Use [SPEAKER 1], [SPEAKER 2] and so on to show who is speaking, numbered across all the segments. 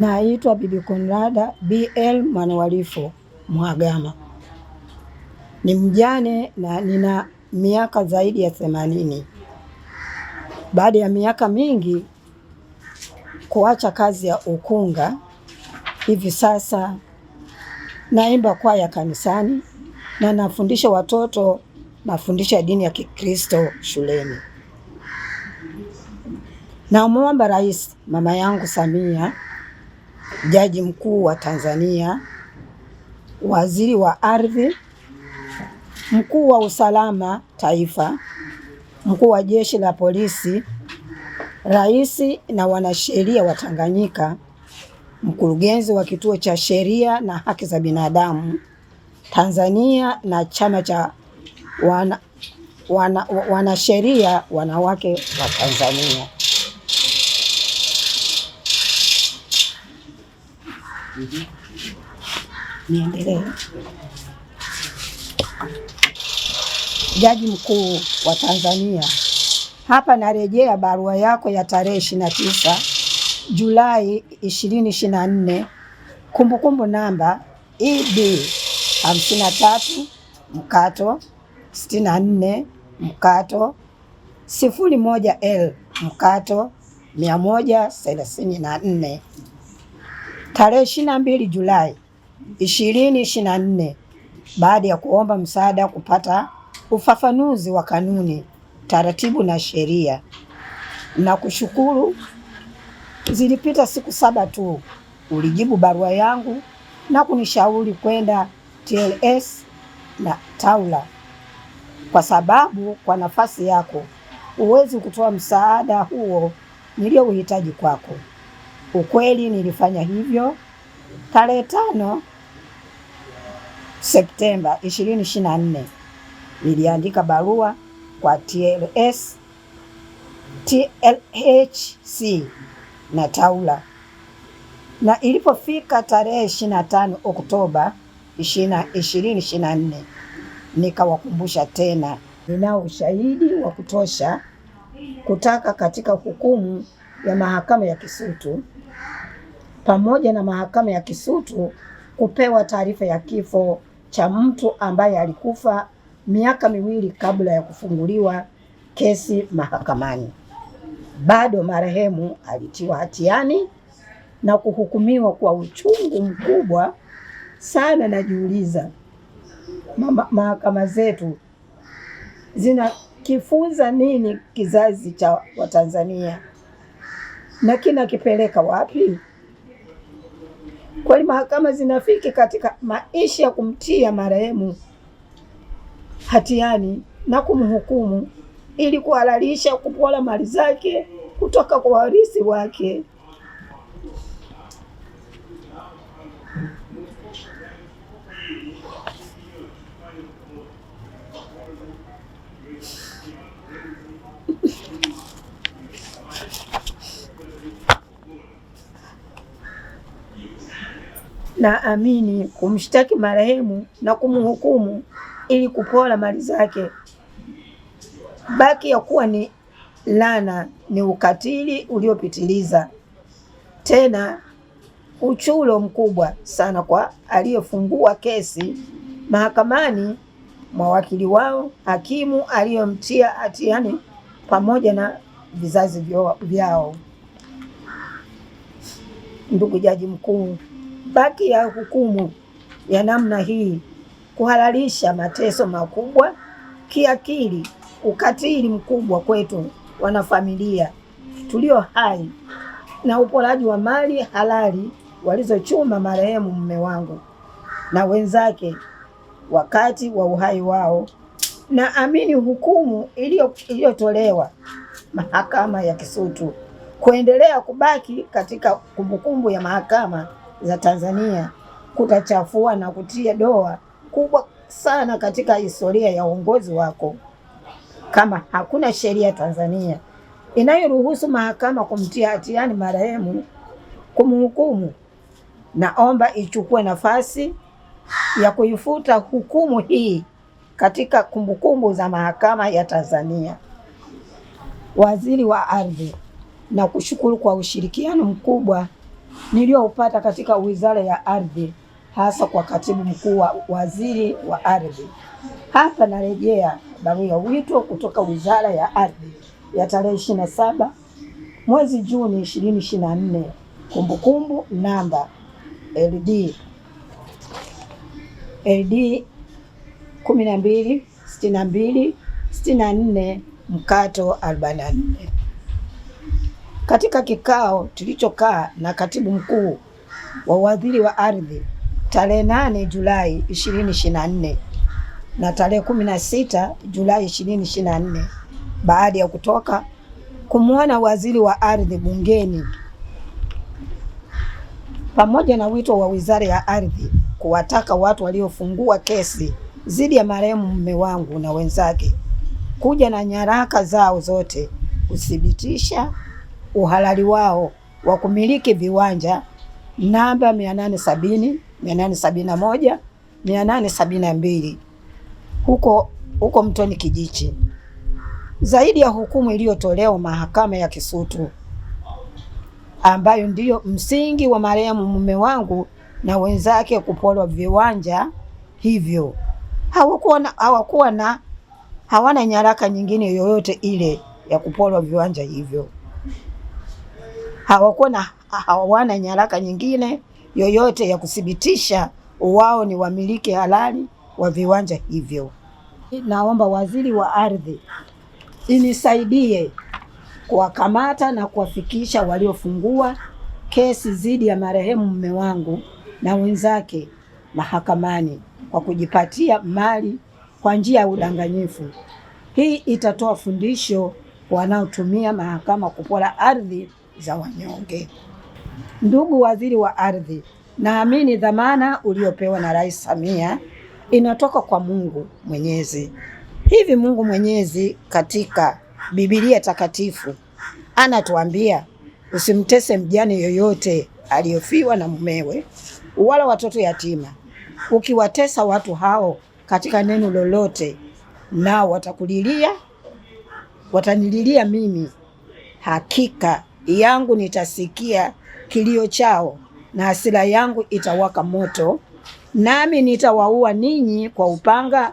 [SPEAKER 1] Naitwa Bibi Konrada BL mwanawalifo Mhagama, ni mjane na nina miaka zaidi ya themanini. Baada ya miaka mingi kuacha kazi ya ukunga, hivi sasa naimba kwaya kanisani na nafundisha watoto mafundisho ya dini ya Kikristo shuleni. Namwomba Rais mama yangu Samia jaji mkuu wa Tanzania, waziri wa ardhi, mkuu wa usalama taifa, mkuu wa jeshi la polisi, rais na wanasheria wa Tanganyika, mkurugenzi wa kituo cha sheria na haki za binadamu Tanzania na chama cha wanasheria wana, wana wanawake wa Tanzania. Niendelee. Jaji mkuu wa Tanzania, hapa narejea barua yako ya tarehe 29 Julai 2024, kumbukumbu namba EB 53 mkato 64 mkato 01L mkato 134 Tarehe ishirini na mbili Julai ishirini ishirini na nne baada ya kuomba msaada kupata ufafanuzi wa kanuni, taratibu na sheria, na kushukuru, zilipita siku saba tu ulijibu barua yangu na kunishauri kwenda TLS na taula kwa sababu kwa nafasi yako huwezi kutoa msaada huo niliyouhitaji kwako. Ukweli nilifanya hivyo tarehe tano Septemba 2024 niliandika barua kwa TLS, TLHC na Taula, na ilipofika tarehe 25 Oktoba 2024 nikawakumbusha tena, ninao ushahidi wa kutosha kutaka katika hukumu ya mahakama ya Kisutu pamoja na mahakama ya Kisutu kupewa taarifa ya kifo cha mtu ambaye alikufa miaka miwili kabla ya kufunguliwa kesi mahakamani. Bado marehemu alitiwa hatiani na kuhukumiwa kwa uchungu mkubwa sana. Najiuliza, mahakama zetu zinakifunza nini kizazi cha Watanzania na kinakipeleka wapi? kweli mahakama zinafiki katika maisha ya kumtia marehemu hatiani na kumhukumu ili kuhalalisha kupola mali zake kutoka kwa warisi wake. na amini kumshtaki marehemu na kumhukumu ili kupola mali zake baki ya kuwa ni lana, ni ukatili uliopitiliza, tena uchulo mkubwa sana kwa aliyefungua kesi mahakamani, mwawakili wao, hakimu aliyomtia hatiani pamoja na vizazi vyao. Ndugu Jaji Mkuu mabaki ya hukumu ya namna hii kuhalalisha mateso makubwa kiakili, ukatili mkubwa kwetu wanafamilia tulio hai na uporaji wa mali halali walizochuma marehemu mume wangu na wenzake wakati wa uhai wao. Naamini hukumu iliyotolewa mahakama ya Kisutu kuendelea kubaki katika kumbukumbu ya mahakama za Tanzania kutachafua na kutia doa kubwa sana katika historia ya uongozi wako, kama hakuna sheria Tanzania inayoruhusu mahakama kumtia hatiani marehemu kumhukumu. Naomba ichukue nafasi ya kuifuta hukumu hii katika kumbukumbu za mahakama ya Tanzania. Waziri wa Ardhi, na kushukuru kwa ushirikiano mkubwa niliyopata katika Wizara ya Ardhi, hasa kwa katibu mkuu wa waziri wa ardhi. Hapa narejea barua ya wito kutoka Wizara ya Ardhi ya tarehe 27 mwezi Juni 2024, kumbukumbu namba LD LD 12 62 64 mkato 44. Katika kikao tulichokaa na katibu mkuu wa uadhiri wa ardhi tarehe nane Julai 2024 na tarehe 16 Julai 2024, baada ya kutoka kumwona waziri wa ardhi bungeni pamoja na wito wa wizara ya ardhi kuwataka watu waliofungua kesi dhidi ya marehemu mume wangu na wenzake kuja na nyaraka zao zote kuthibitisha uhalali wao wa kumiliki viwanja namba 870, 871, 872 huko huko Mtoni Kijichi. Zaidi ya hukumu iliyotolewa mahakama ya Kisutu ambayo ndiyo msingi wa marehemu mume wangu na wenzake kupolwa viwanja hivyo, hawakuwa na hawakuwa na hawana nyaraka nyingine yoyote ile ya kupolwa viwanja hivyo hawakuwa na hawana nyaraka nyingine yoyote ya kuthibitisha wao ni wamiliki halali wa viwanja hivyo. Naomba waziri wa ardhi inisaidie kuwakamata na kuwafikisha waliofungua kesi dhidi ya marehemu mume wangu na wenzake mahakamani kwa kujipatia mali kwa njia ya udanganyifu. Hii itatoa fundisho wanaotumia mahakama kupora ardhi za wanyonge. Ndugu waziri wa ardhi, naamini dhamana uliopewa na Rais Samia inatoka kwa Mungu Mwenyezi. Hivi Mungu Mwenyezi katika Biblia takatifu anatuambia usimtese mjane yoyote aliyofiwa na mumewe, wala watoto yatima. Ukiwatesa watu hao katika neno lolote, nao watakulilia, watanililia mimi, hakika yangu nitasikia kilio chao na hasira yangu itawaka moto, nami nitawaua ninyi kwa upanga,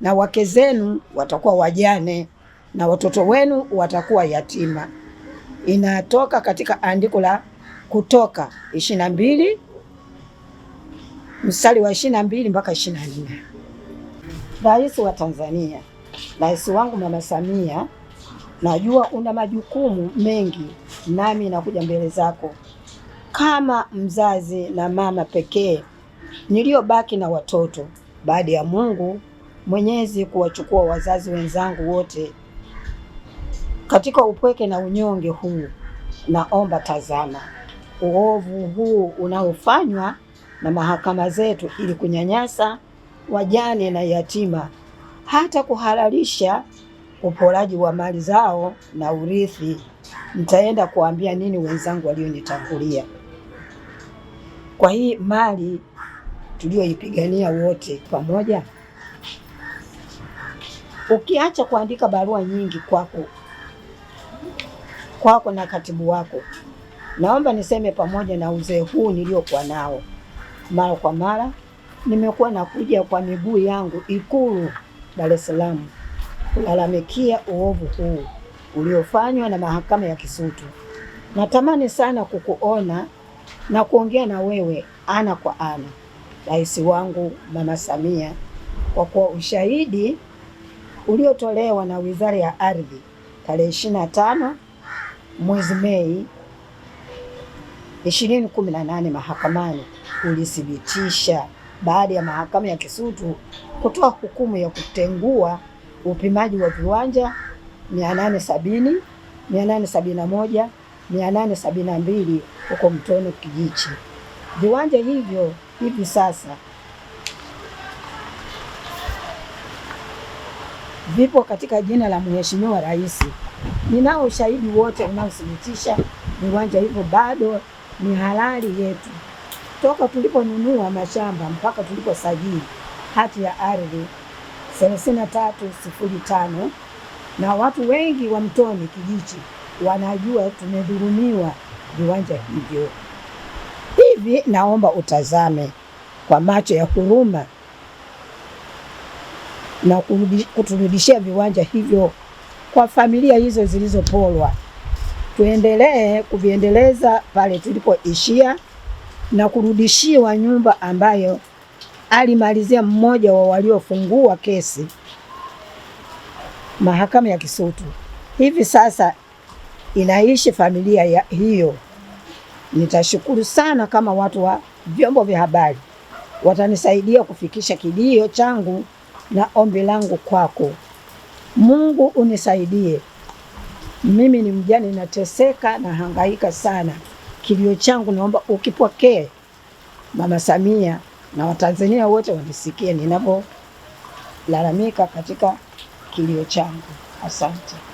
[SPEAKER 1] na wake zenu watakuwa wajane na watoto wenu watakuwa yatima. Inatoka katika andiko la Kutoka 22 mstari wa 22 mpaka 24. Rais wa Tanzania, rais wangu Mama Samia, najua una majukumu mengi nami nakuja mbele zako kama mzazi na mama pekee niliyobaki na watoto baada ya Mungu Mwenyezi kuwachukua wazazi wenzangu wote katika upweke na unyonge huu, naomba tazama uovu huu unaofanywa na mahakama zetu ili kunyanyasa wajane na yatima, hata kuhalalisha uporaji wa mali zao na urithi nitaenda kuambia nini wenzangu walionitangulia. Kwa hii mali tuliyoipigania wote pamoja, ukiacha kuandika barua nyingi kwako kwako na katibu wako, naomba niseme pamoja na uzee huu niliokuwa nao, mara kwa mara nimekuwa nakuja kwa miguu yangu Ikulu Dar es Salaam kulalamikia uovu huu uliofanywa na mahakama ya Kisutu. Natamani sana kukuona na kuongea na wewe ana kwa ana, rais wangu Mama Samia, kwa kuwa ushahidi uliotolewa na Wizara ya Ardhi tarehe 25 mwezi Mei 2018 mahakamani ulithibitisha baada ya mahakama ya Kisutu kutoa hukumu ya kutengua upimaji wa viwanja 870, huko Mtono Kijichi. Viwanja hivyo hivi sasa vipo katika jina la Mheshimiwa Rais. Ninao ushahidi wote unaothibitisha viwanja hivyo bado ni halali yetu, toka tuliponunua mashamba mpaka tuliposajili hati ya ardhi 3305 na watu wengi wa Mtoni Kijichi wanajua tumedhulumiwa viwanja hivyo. Hivi naomba utazame kwa macho ya huruma na kuturudishia viwanja hivyo kwa familia hizo zilizopolwa. Tuendelee kuviendeleza pale tulipoishia na kurudishiwa nyumba ambayo alimalizia mmoja wa waliofungua kesi mahakama ya Kisutu hivi sasa inaishi familia ya hiyo. Nitashukuru sana kama watu wa vyombo vya habari watanisaidia kufikisha kilio changu na ombi langu kwako. Mungu unisaidie. Mimi ni mjane, nateseka na hangaika sana. Kilio changu naomba ukipokee, Mama Samia, na Watanzania wote wanisikie ninapolalamika katika kilio changu. Asante.